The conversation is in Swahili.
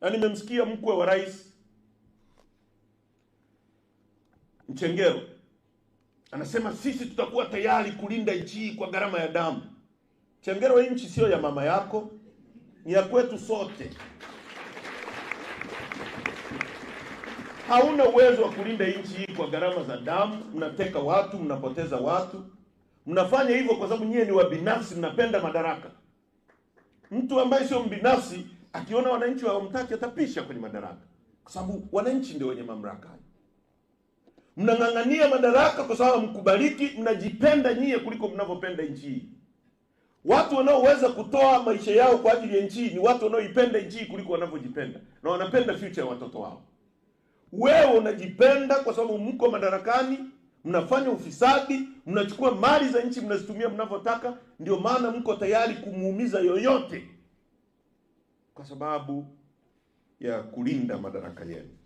na nimemsikia mkwe wa rais Mchengero anasema sisi tutakuwa tayari kulinda nchi hii kwa gharama ya damu. Mchengero, hii nchi sio ya mama yako, ni ya kwetu sote. Hauna uwezo wa kulinda nchi hii kwa gharama za damu. Mnateka watu, mnapoteza watu, mnafanya hivyo kwa sababu nyie ni wabinafsi, mnapenda madaraka. Mtu ambaye sio mbinafsi Akiona wananchi hawamtaki atapisha kwenye madaraka, kwa sababu wananchi ndio wenye mamlaka. Mnang'ang'ania madaraka kwa sababu mkubaliki, mnajipenda nyie kuliko mnavyopenda nchi hii. Watu wanaoweza kutoa maisha yao kwa ajili ya nchi ni watu wanaoipenda nchi kuliko wanavyojipenda, na wanapenda future ya watoto wao. Wewe unajipenda kwa sababu mko madarakani, mnafanya ufisadi, mnachukua mali za nchi, mnazitumia mnavyotaka. Ndio maana mko tayari kumuumiza yoyote kwa sababu ya kulinda madaraka yenu.